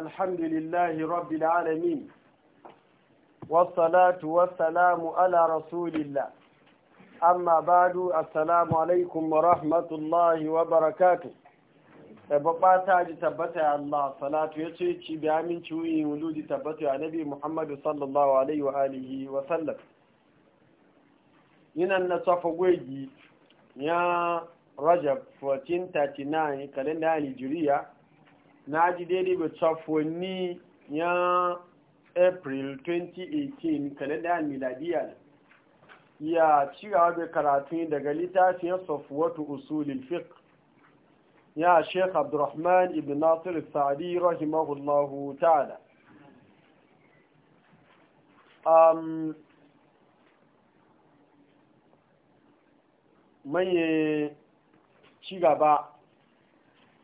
الحمد لله رب العالمين والصلاة والسلام على رسول الله أما بعد السلام عليكم ورحمة الله وبركاته babba ta ji tabbata ya Allah salatu ya ce ci bi amin ciwi wuludi tabbata ya nabi Muhammadu sallallahu alaihi wa sallam yinan na safa ya Rajab 1439 kalenda ya Nigeria na ji daidai ga ya april 2018 kalendar miladiya ya cigaba da karatu daga littafin safwatu usulin fiqh ya sheikh abdurrahman ibn nasir sa'di rahimahullahu ta'ala um manye cigaba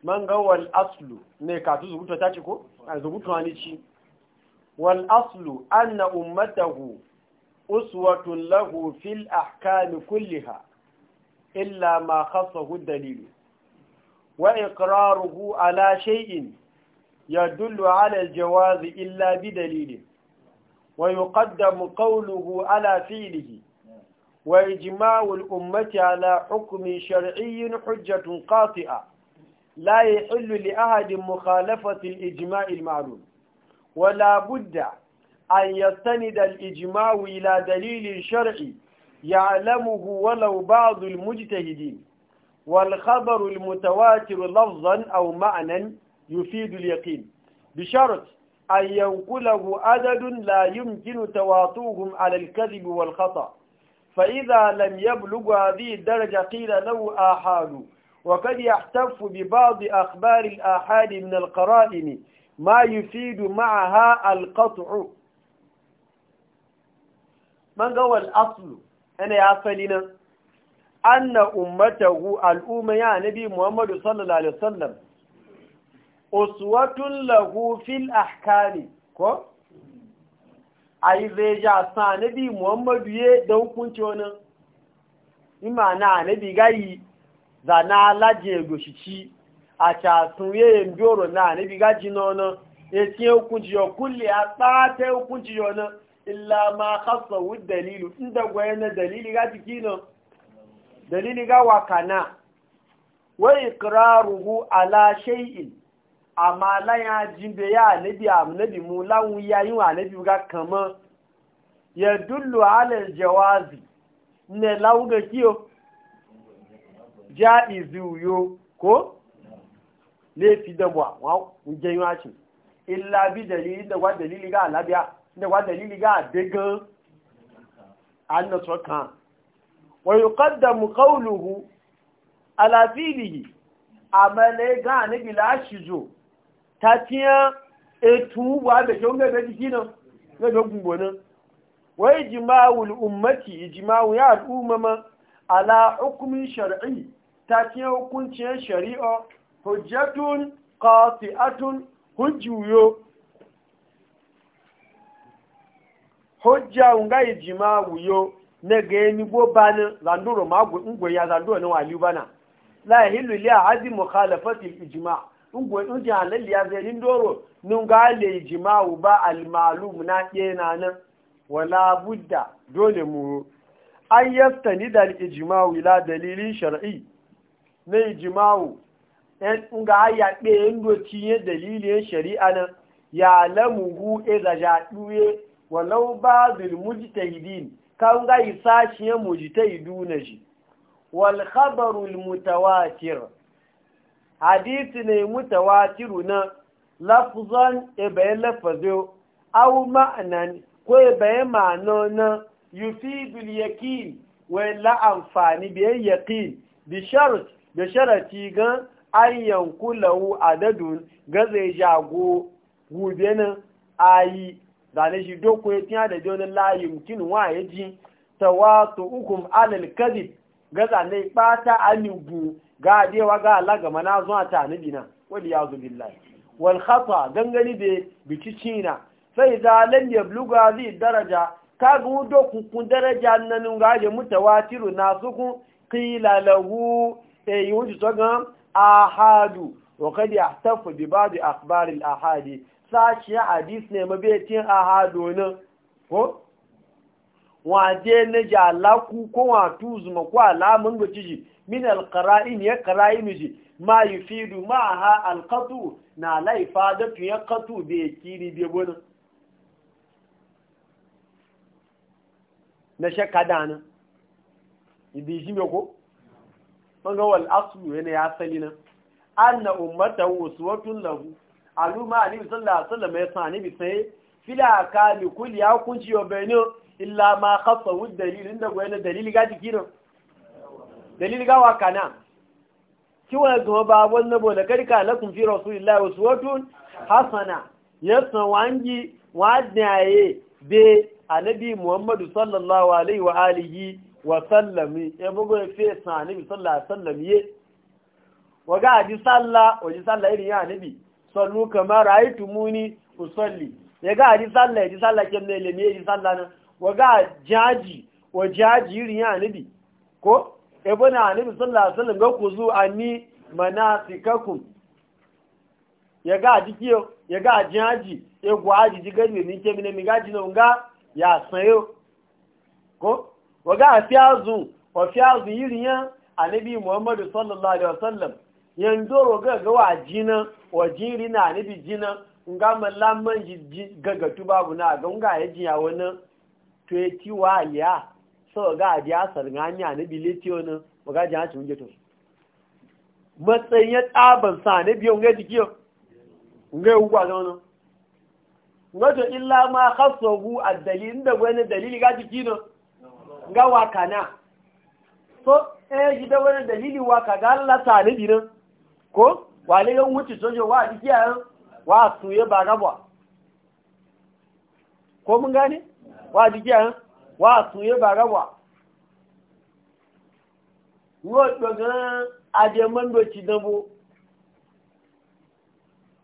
man wal aslu ne ka tu zubuta ta ko a zubuta ne ci wal aslu anna ummatahu uswatun lahu fil ahkam kulliha illa ma khassahu dalil wa iqraruhu ala shay'in yadullu ala aljawaz illa bi dalil wa yuqaddamu qawluhu ala fi'lihi wa ijma'u al ummati ala hukmi shar'iyyin hujjatun qati'ah لا يحل لأحد مخالفة الإجماع المعلوم ولا بد أن يستند الإجماع إلى دليل شرعي يعلمه ولو بعض المجتهدين والخبر المتواتر لفظا أو معنى يفيد اليقين بشرط أن ينقله عدد لا يمكن تواطوهم على الكذب والخطأ فإذا لم يبلغ هذه الدرجة قيل له آحاد وقد يحتف ببعض أخبار الآحاد من القرائن ما يفيد معها القطع من هو الأصل أنا أصلنا أن أمته الأمة يا نبي محمد صلى الله عليه وسلم أسوة له في الأحكام كو أي زيجا سانبي محمد يدوكم تونا إما أنا نبي جاي zana alaje goshici a catun yayin doro na nabi gaji nono ya ce hukunci yau kulle a tsata hukunci yau na ma hasa wu dalilu inda gwaye na dalili ga jiki nan dalili ga wakana wa iqraruhu ala shay'in amma la ya jimbe ya nabi mu lawun yayin wa nabi ga kama ya dullu ala jawazi ne lawu ga kiyo ja'izi yo ko laifi da wa wajen yawa ce illa bi dalili da wa dalili ga alabiya da wa dalili ga dagan an na kan wa yi kaddamu kauluhu alafilihi a male ga anabi lashijo ta tiya etu wa da kyau ga gaji kinan ga dogun gonan wa ijima'ul ummati ijima'u ya ala hukumin shar'i ta ce hukuncin shari'a hujjatun qati'atun hujjuyo hujja nga ijima wuyo na gani gobanin zanduro magu ya zanduro na wali bana la hilu li ahadi mukhalafati ijima ngwe unji halal ya zai ndoro nunga le ijima u ba al malum na kena na wala budda dole mu an yastani da al ijma ila dalilin shar'i na ijimawu nga aya ɗaya ndoci ya dalilin shari'a nan ya e iza jaɗuye walau ba bil mujtahidin kan ga isashi ya mujtahidu na shi wal khabarul mutawatir hadisi ne mutawatiru na lafzan e bayan lafazo au ma'anan ko e bayan ma'ano na bil yakin wa la amfani bi yakin bi shart da sharati gan ayyan kulawu a adadun ga zai jago ayi zane shi doko ya tiya da jonin layi mutum wa ya ji tawatu hukum alal kadib ga zane bata anibu ga adewa ga alaga mana zuwa ta anibi na ya zubi wal khata gangani da biki cina sai za lan ya bluga zai daraja ka gudo kun daraja nan ga mutawatiru na su kun qila lahu sai eh, yi wuce tsogon ahadu wa kadi a tafi bi ba da akbarin ahadi sashi ya hadis ne mabetin ahadu nan ko waje na jalaku ko watu zuma ko alamun da ciji min alkara'in ya kara'in ji ma yufidu ha alkatu na da tun ya da ya kiri bi wani na shakka dana ibi shi ko manga wal aslu yana ya sani nan anna ummatan uswatun lahu aluma ali sallallahu alaihi wasallam ya sani bi sai fila ka mi kulli ya kunci yo bayno illa ma khaffa wud dalil inda go yana dalili ga dikira dalili ga wakana ki wa go ba wannan bo da karka lakum fi rasulillahi uswatun hasana yasna wangi wadaye be annabi muhammadu sallallahu alaihi wa alihi Wasallami, ya bugu ya fi sanibi sallah sallami e e ye wa ga ji sallah wa ji sallah irin ya nabi sallu kamar raitu muni usalli ya ga ji sallah ji sallah ke ne lemi ya ji sallah na wa ga jaji wa jaji irin ya nabi ko ebo na nabi sallah sallam ga ku zu anni manasikakum ya ga ji kiyo ya ga jaji ya e gwa ji ji gani ne mi ne mi ga ji no nga ya sayo, ko waga a fiyazu wa fiyazu yiri yan anabi muhammadu sallallahu alaihi wasallam yanzu waga ga wa jina wa jiri na anabi jina nga malaman ji gagatu babu na ga nga ya jiya wani to ya ti wa aliya so ga a biya sargani anabi leti wani waga jiya ci wunge to matsayin ya tsaban sa ne biyo nga jiki yau nga yi hukwa ga wani wato illa ma kasogu a dalilin da wani dalili ga jiki ga waka na so eh ji da wani dalili waka ga Allah ta ne dinan ko wale yan wuce sojo wa dikiya wa suye ba gabwa ko mun gane wa dikiya wa suye ba gabwa wo dogan aje mando ci dambo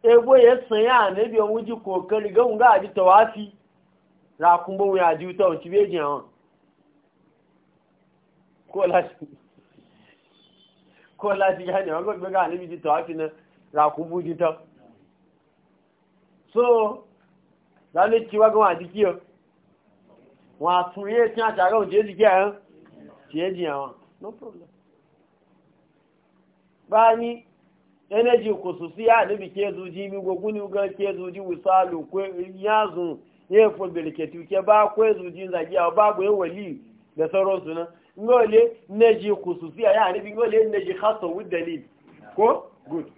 e, ebo ya sanya ne bi on wuji kokari ga un ga aji tawafi ra kun ya ji ta on ci beji ko láti yá ní ọgọ́ ìgbẹ́gà níbi ti tọ́ áfínà so lálé tí wágán àti kí ọ wọ́n àtún yé tí àtàrà òun jẹ́ jìkẹ́ no problem bá ní ẹnẹ́jì kò sù sí àníbi kí ẹzù jí mi gbogun ní ugan kí ẹzù jí wùsàlù yázùn yẹ́ fò bèlèkẹ̀tì kẹ bá kó ẹzù jí ń ngole neji khususiya ya nabi ngole neji khassa with dalil ko good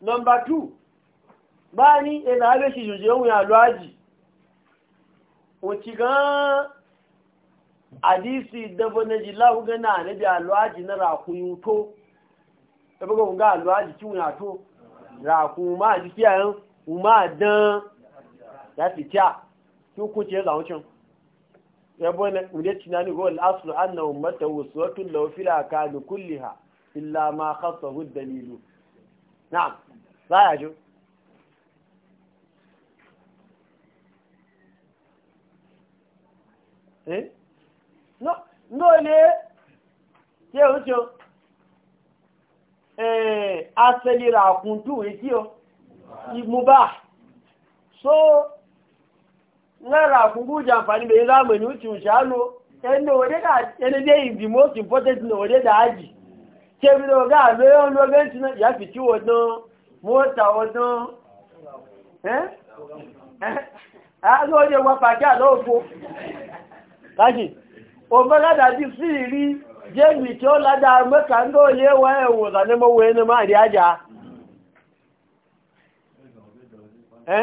number 2 bani ena abe shi juje mu ya lwaji wuci ga hadisi da bane ji lahu ga na bi alwaji na rakuyu to da buga mun ga alwaji kin ya to raku ma ji kiyayen ma dan ku fita kin kuce zawucin yabo na inda tunani ko al'aslu anna ummata uswatun law fil akad kulliha illa ma khassahu ad-dalil na'am za ya jo eh no no le ke o jo eh asali ra kun tu e ti o mubah so lára àkúgbù jàǹfàní mai láàmù ní òtù ìṣàánú ẹni òdédà ẹni dé ìdí most important ní òdédà ájì tí ebi náà gáà lóyọ́ olóògbé tí náà yàfi tí ọdán mọ́ta ọdán ẹ́ ẹ́ pàkí sí ìrí jẹ́mì tí ó ládà mẹ́ta ń wọ́n ẹ̀wọ̀n ẹni máa rí ẹ́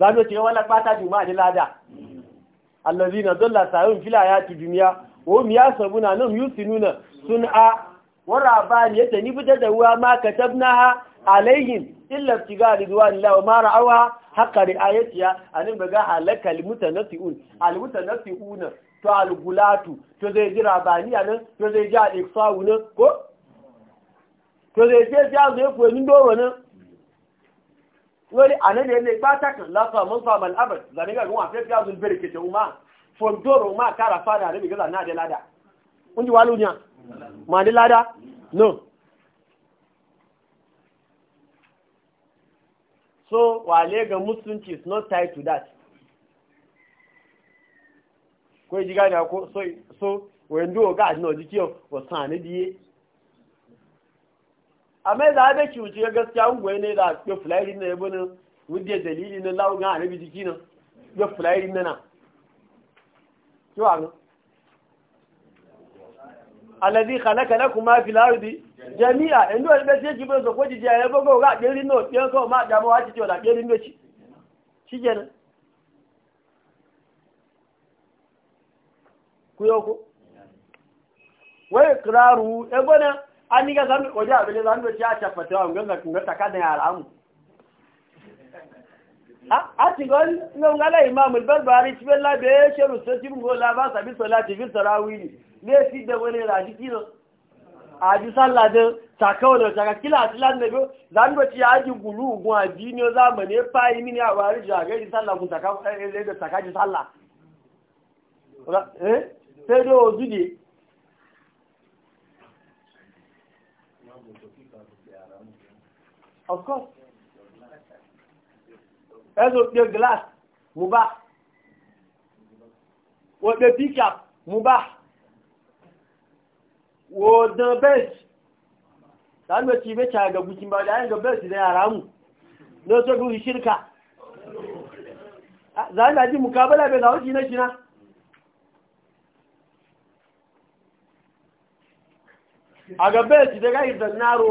za mu ce wala fata juma da lada allazina dalla sa'un fil ayati dunya wa hum yasabuna nam yusinuna sun'a wa rabani fitar da ruwa ma katabnaha alaihim illa ibtiga ridwanillahi wa ma ra'awa haqqa ri'ayatiha anin baga halakal mutanaffi'un al mutanaffi'una to al gulatu to zai ji rabani anan to zai ji al iqsa'u ko to zai ji ja zai ko ni doro nan lórí ànẹ́lẹ̀ ilé gbájákan látọ̀ mọ́sọ̀ àmàlì albert zaniga gún àfẹ́ fi azùn bèrè kẹtẹ̀ umar fondoro umar kára fara àrẹ́bì gẹ́gà náà dé ládà ń jí wá lóyún à máa dé ládà no so wà lẹ́gà musulunci is not tied to that kó ìjì gáàdì àkó so wẹ̀ndú ọ̀gá àdínà ọ̀dí kí ọ̀ ọ̀sán amma a da cuce gaskiya ungwai ne da ya fulari na yabo nan wadda dalili na a nabi jiki na ya fulari na na kiwa nan alazi halaka na kuma filardi jami'a inda wani ce bai so ko jijiya ya bago ga ɗerin no ɗin so ma damu wa ci da ɗerin no ci ku an ni ga zan waje abin zan doci a shafata wa ganga kunga taka da yara mu a ti gon ngon gala imam al-barbari ti bella be sheru so ngo la ba sabi salati fi tarawih ne si da wani raji kino a ji sallah da takawa da taka kila tilan ne go zan doci ya aji gulu gun addini zamane fa yi mini a wari jagari sallah kun taka eh, eh da taka ji sallah eh sai do Of course. As of your glass, mubah. What the pickup, mubah. What the bench. Dan mai cibe ta ga gukin ba da yan ga bel da yara mu. Na so duhi shirka. Za ni ji mukabala bai zawo kina kina. A aga bel da ga yi da naro.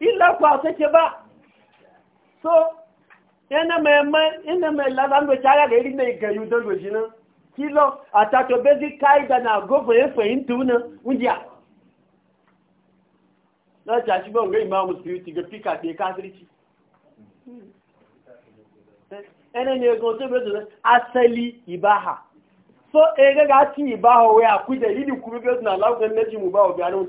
illa ku a ba so yana mai ga iri na gayu don doshi nan kilo a na na gofa ya fahimta wunan wujiya na spiriti ga imamu su ga fika ke kasirci ẹni ni egun tó bẹ́ẹ̀ tọ́lá asẹ́lì ìbáhà so ẹgẹ́gẹ́ àti ìbáhà wẹ́ àkújẹ̀ yìí ni kúrú bẹ́ẹ̀ tọ́lá láwùjẹ́ méjì mú bá ọ̀bẹ̀ àríwọ̀n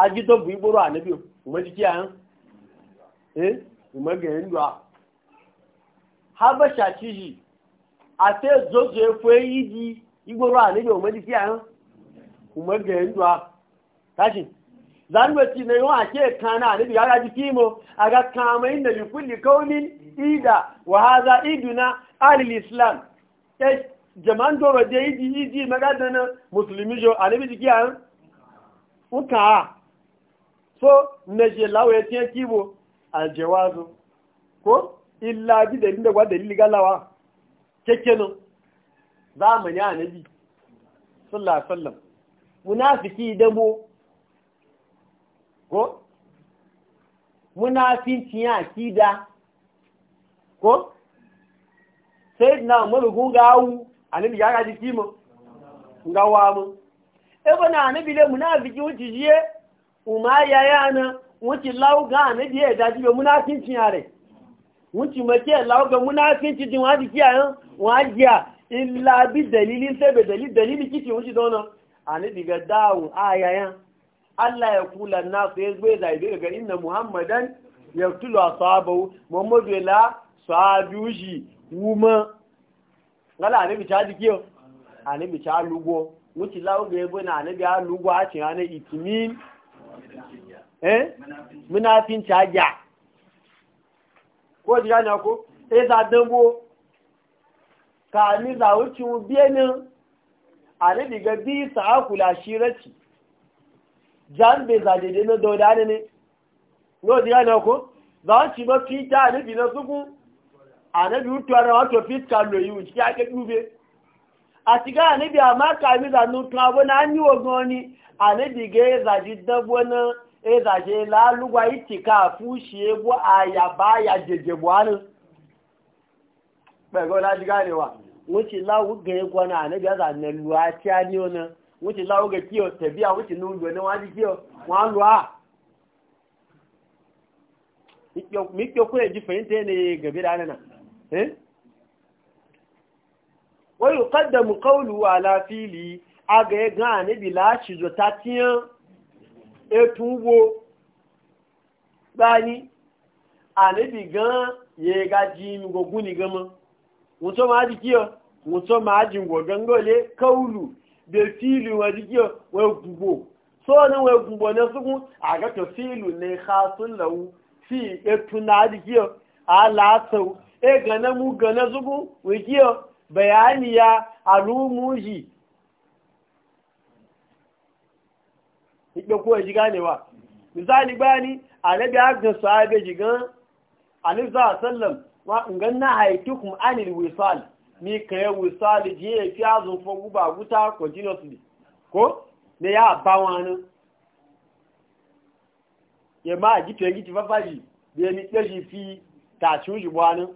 agidan bu iboro anabi umar jiki a yan eh umar ga yin duwa habasha ciji a te zozo efo eyi di iboro anabi umar a yan umar ga yin duwa tashi zanwati na yawan ake kana anabi ya gaji kimo a ga kama inda bi kulli kaunin ida wa haza iduna alil islam e, jama'an doro da yi iji yi di magadana musulmi jo anabi jiki a yan Nka so na je ya tiye kibo aljawazu ko illa bi dalilin da gwada dalili galawa kekkeno zamani anabi sallallahu alaihi wasallam munafiki dabo ko munafinci ya kida ko sai na mulgun gawo anabi ya gaji kimo gawa mu e bana anabi le munafiki wuce jiye umar ya yana wuce lauga a nabi ya daji ga munafincin yare wuce make lauga munafincin jin wajen kiyayen wajiya illa bi dalilin sai bai dalil dalilin kici wuce zauna a nabi ga dawun a yayan allah ya kula na su ya zai zai ga inna muhammadan ya tulu a sahabawu muhammadu la sahabiyu shi wuma ngala a nabi ta ji kiyo a nabi ta lugo wuce lauga ya bai na nabi ya lugo a cin hannun itimin eh fin caja ko jiya na ko eh za dambo ka ni za wuce biyanin ale diga bi sa kula shiraci jan be za dede na dauda ne ne ko jiya na ko za ci ba fita ni bi na suku anabi utuwa na wato fiskal lo yi wuce ya ke dube àti gáà níbi àmáka ìmìta nùtún na náà ní ogun ni àníbìgẹ́ ìzàjí dánbọ́ náà ìzàjí lálúgbà ìtìká fún ṣeébọ́ àyàbá àyàjẹjẹbọ́ ánú pẹ̀lú láti gáà níwà wọ́n ti láwùgẹ́ ẹgbọ́n náà àníbì àzà nẹ̀lú àti àníọ́ wọ́n ti kí ọ tẹ̀bí àwọn ti ẹ̀ wọ́n kí ọ wọ́n á kí ọkùnrin jí ní gẹ̀bí dáná wai yuqaddamu qawluhu ala fili aga ya ga ne bi la shi zo ta tiyan etuwo gan ye ga jin gogun ni gama wuto ma ji kiyo wuto ma ji gogan gole kaulu fili wa ji wa gubo so ne wa gubo ne sukun aga to filu ne khasun lahu fi etuna ji kiyo ala sau e gana mu gana sukun wa bayaniya alumuji ikpe kowa ji ganewa misali bayani anabi agan sahabe jigan anabi sallam wa ngan na haitukum anil wisal ni kaye wisal je fi azun fo guba guta continuously ko ne ya ba wani ya ma ji to yi ti fafaji bi ni tsaji fi ta chuji wani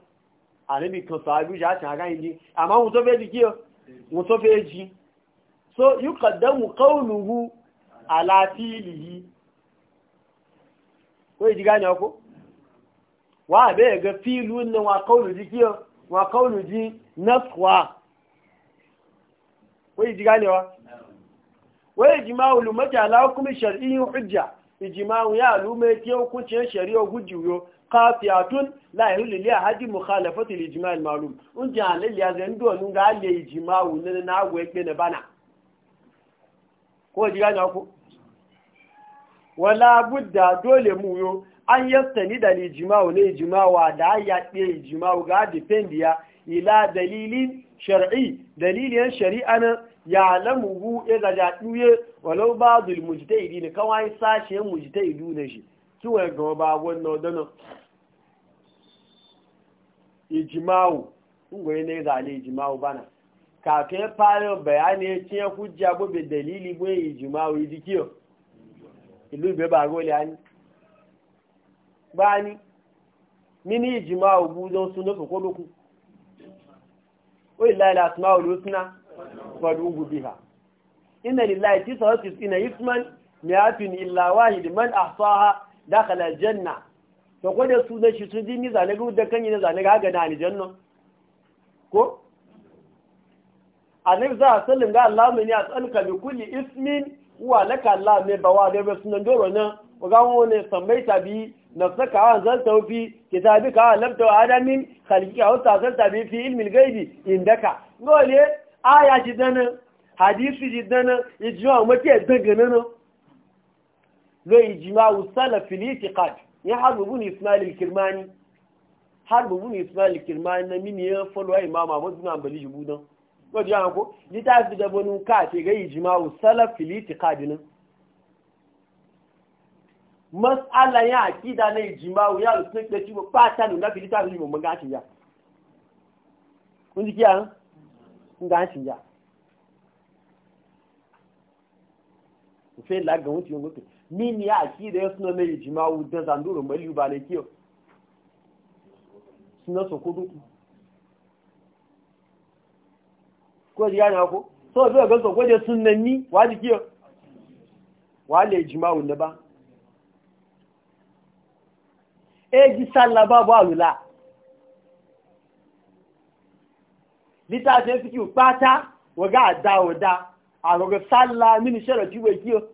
àníbì kan sàájú ìjà a àgá ìdí àmá wọn tó fẹ́ di kí o wọn tó fẹ́ jí so yíò kàdánwò kọ́ọ̀lùhù àlàáfíìlì yìí kó ìdígá ní ọkọ́ wà àbẹ́ẹ̀ gẹ fíìlú ní wọn kọ́ọ̀lù jí kí o wọn kọ́ọ̀lù jí nọ́fùwà kó ní wa qati'atun la yahillu li ahadin mukhalafatu al-ijma' al-ma'lum unji alil ya zan do nun ga le ijma'u ne na agwe pe ne bana ko wala budda dole mu yo an yastani da ijma'u ne ijma'u da ya ɗe ijma'u ga defendiya ila dalilin shar'i dalilin shari'a na ya lamuhu ya gaja ɗuye walau ne kawai sashe shi kiwon gaba wannan dana ijimawu na ne ala ijimawu bana Ka kafin farin na ya ekwu ji gobe dalili bai ijimawu yi dikiyo ilu bai ba gole gba anyị mini ijimawu buzon sun nufa ko duku o osina ila ugwu bi ha gubiha inna tisa tisawati ina isman mi'atun illa wahid man ahsaha dakhala al-janna to ko su su shi su ji ni zane ga da kanyi na zane ga haka na ni janno ko nan za sallim ga Allah mun ya bi kulli ismin wa laka Allah ne bawa da ba sunan doro nan ko ga wani sambai tabi saka wa zan tawfi kitabika wa lamta adamin khalqi wa tasal bi fi ilmi ghaibi indaka ngole aya ji dana hadisi ji dana ijma mu ke dagana lo ijma usala Ni harbu ni ismail kirmani harbu ni ismail kirmani na mini ya falwa imama wasu na bali jibudan wadda ni ko fi da banu ka ce ga ijma'u salafili ti kadinin mas'ala ya da na yi ijma'u ya rusul da cibo fata nuna ta littafi mamman gashin ya kun ji kiya kun ga ya sai lagan wuce yin gutu nini ya akida ya suna mai jima'u da zanduru mali ba ne kiyo suna so kudu ko ji gane ko so bi ga so kwaje sunnanni wa ji kiyo wa le jimawu ne ba e ji salla ba ba wula lita se fiki pata wa ga da wa a ga salla mini shara ti kiyo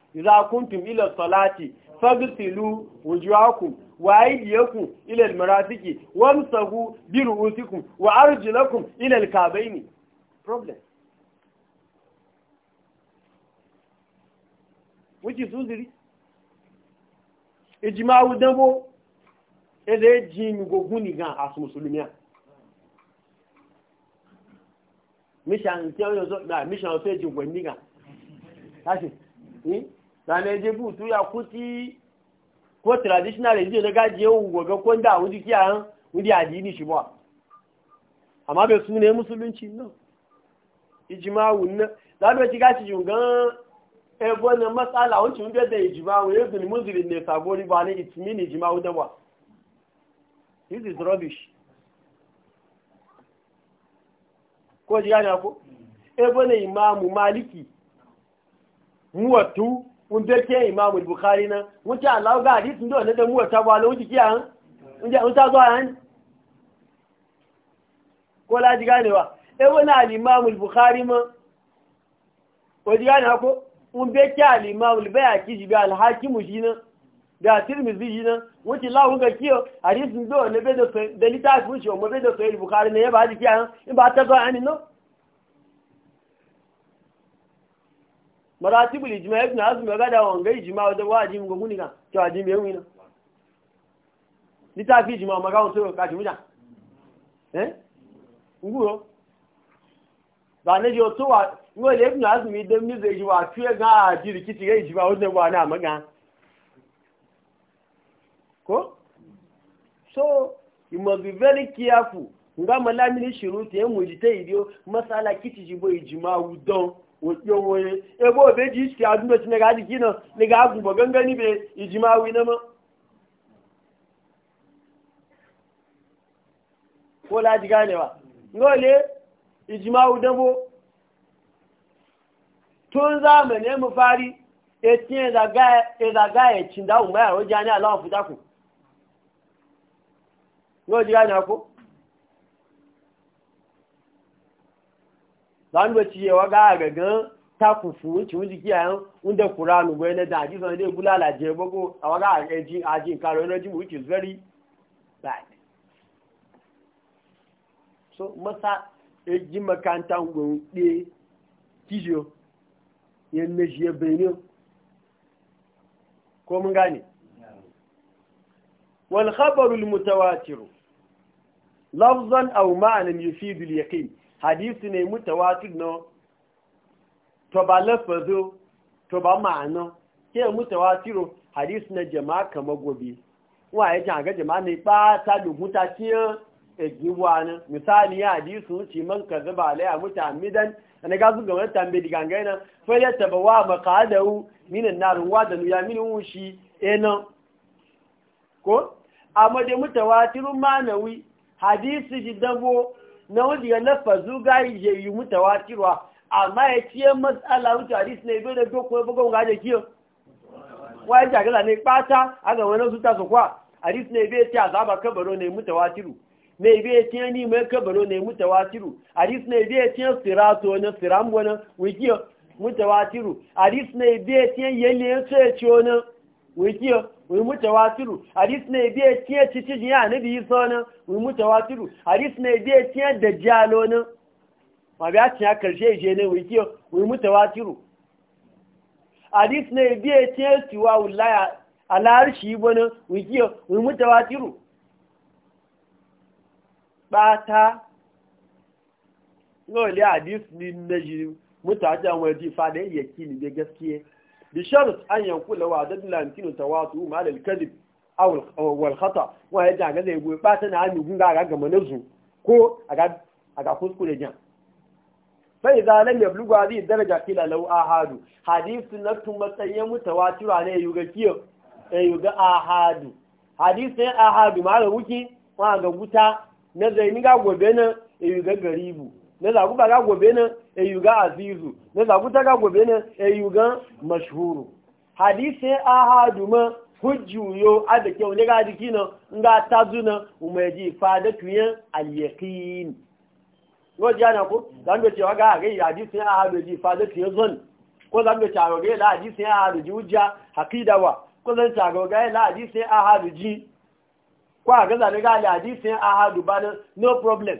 iza kuntum ila salati fagsilu wujuhakum wa aydiyakum ila almarafiqi wamsahu bi ru'usikum wa arjulakum ila alkabaini problem suziri ijimawu dambo ele jin gogun as mission mission zane je butu ya kuti ko traditional yanzu na gaji yau waga ko da wuri kiyayen wuri addini shi ba amma bai su ne musulunci nan ijimawu nan za mu ci gaci jungan ebo na matsala da yanzu e ni ne sabo riba ne itimin ba this is rubbish ko ji ebo na imamu maliki muwatu wunde ke imamu bukhari na wunce allah ga hadis ndo na da muwa tabo ala wunce kiya wunce wunce zo an ko la ji ganewa e wani al imamu bukhari ma ko ji gane ko un be ke al imamu bayaki ji bi al hakimu ji na da tirmizi ji na wunce la wunga kiyo hadis ndo na be da da litafi wunce o mo da sahih bukhari ne ya ba ji kiya in ba ta zo an no maratibul ijma ibn azm ga da wanga ijma da waji mu guni ga to waji me wina litafi ijma ma ga on so ka jimuja eh nguro ba ne jo to wa ngo le ibn azm idan mi zai jiwa fiye ga ajiri kiti ga ijma ne ba na maga ko so you must be very careful nga malamini shiruti en mujite idio masala kiti jibo ijma udon wajen waye ebo eh, obe ji iske a dundoci na gaji kina na ga agubo gangani be ijimawi na ma ko laji ganewa ngole ijimawi dabo tun zamani mu fari etin ezaga ecin e da umar wajen ni alawar fitaku ngole ji ganewa ko zan ba ciye wa ga gagan ta kufu ci wuji kiyayen wanda kuranu bai na daji zan da gula laje bago a waga a ajin ajin karo na jimu mu is very bad so masa eji makanta gwen ɗe kijo yan na shi ya benin ko mun gane wal khabaru al mutawatir lafzan aw ma'nan yufidu al yaqin hadisi ne mutawa no to ba lafazo to ba ma'ano ke tiro hadisi na jama'a kama gobe wa ya jan ga jama'a ne ba ta dubuta kiyan egiwa na misali ya hadisi wuce man ka zuba alaya mutamidan ana ga su gamar tambe diga gaina fa ya taba wa maqadahu minan nar wa da ya min wushi eno eh ko amma da mutawatirun manawi hadisi jidabo na wanda ya lafazu gayi ya yi mutawatirwa amma ya ciye matsala wuce hadis na ibe da ya bugon gaje kiyo wayan jagala ne a ga wani su ta sokwa hadis na ibe ta azaba kabaro ne mutawatiru na ibe ta ni mai kabaro ne mutawatiru hadis na ibe ta sirato ne siram wani wikiyo mutawatiru hadis na ibe ta yele ya ce ce wani wai kiyo wai mutawatiru hadis ne biye tiye cici jiya ne bi sona wai mutawatiru hadis ne biye tiye da jalo ne ma biya tiya karshe je ne wai kiyo wai mutawatiru hadis ne biye tiye tiwa wulaya alarshi bana wai kiyo ba ta bata ngole hadis ni naji mutajan wai ji fa da yake ni da gaskiya بشرط أن يقول عدد لا يمكن تواطؤه مع الكذب أو والخطأ وهي جاء زي يقول باتنا عن يقول لا أقا منزو كو أقا أقا خذكو لجان فإذا لم يبلغ هذه الدرجة كلا لو آهادو حديث سنة متين متواتر عليه يقول كيو يقول آهادو حديث آهادو ما لوكي ما أقا قتا نزي نقا قبنا يقول غريبو نزي أقول قبنا eyuga azizu na zaguta ga gobe ne eyuga mashhuru hadisi ahadu ma hujjuyo a ga na nga tazuna zuna umeji fada tuyen al-yaqin wajen yana ko zan da cewa ga ga hadisi ahadu ji fada tuyen zon ko zan da cewa ga hadisi ahadu ji hujja wa ko zan cewa ga hadisi ahadu ji ko ga zan ga ahadu ba no problem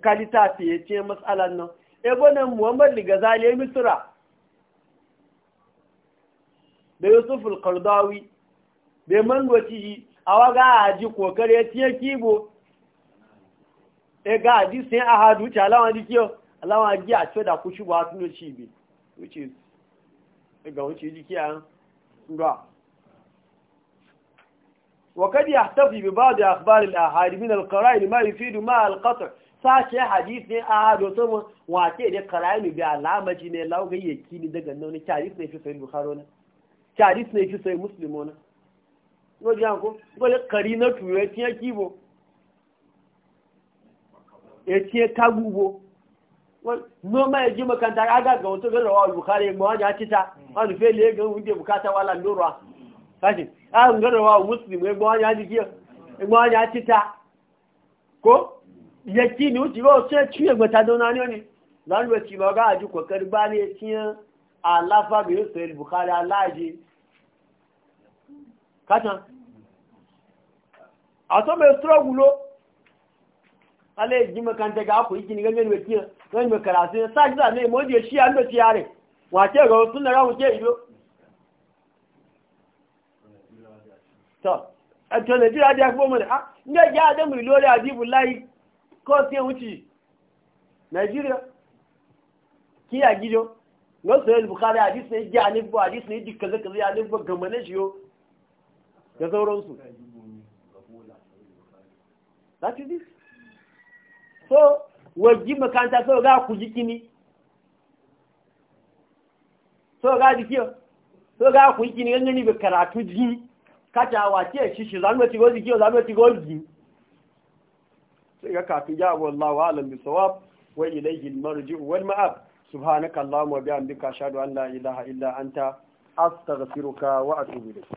kalita ya ce matsalan nan ebonan muhammad ligazali ya misira da yusuf al-kardawi da mangoci yi a waga a haji kokare ya tiye kibo e ga haji sai a hadu wuce alawan jikiyo alawan haji a ce da kushi ba tuno ci bi wuce e ga wuce jiki a ba وقد يحتفي ببعض أخبار الأحادي من القرائن ما يفيد مع القطر sashe hadis ne a hado sama wace da karayinu bi alamaci ne laugayi ya kini daga nan ki na ne fi sai bukharo ne ki hadis ne fi sai muslimo ne no ji anko gole kari na tuwe tiye kibo e tiye e kagubo no ma e ji makanta aga ga wato gara wa bukhari ma wani atita wani fe le ga bukata wala kashi a wa muslimo e wani atita yake ni wuce ba sai ciye gbata dauna ne ne zan ba ci ba ga aji kokari ba ne ciye alafa bi yusuf al bukari alaji katan a so mai struggle ale ji makanta ga ku yi ni ganin wakiya ganin mai karatu sai da ne mu je shi an da tiyare wace ga sunna rawu ke ido to a to ne jira da mu mun ha ne ya da mu lori ajibullahi kọ́ sí ẹ̀hún ti nàìjíríà kí àgídọ́ lọ́sọ̀rọ̀ ìbùkárí ne jẹ́ àníbọ̀ àdísìn ìdí kẹlẹ́kẹlẹ́ àníbọ̀ gẹ̀mọ̀lẹ́ ṣe ó da sauransu that is so makanta ga ku ji kini ga ga ku kini karatu ji ce shi shi kiyo sai ga kafin ya abu Allah wa alam bisawab wa ilayhi al wal ma'ab subhanaka allahumma wa bihamdika ashhadu an la ilaha illa anta astaghfiruka wa atubu ilayk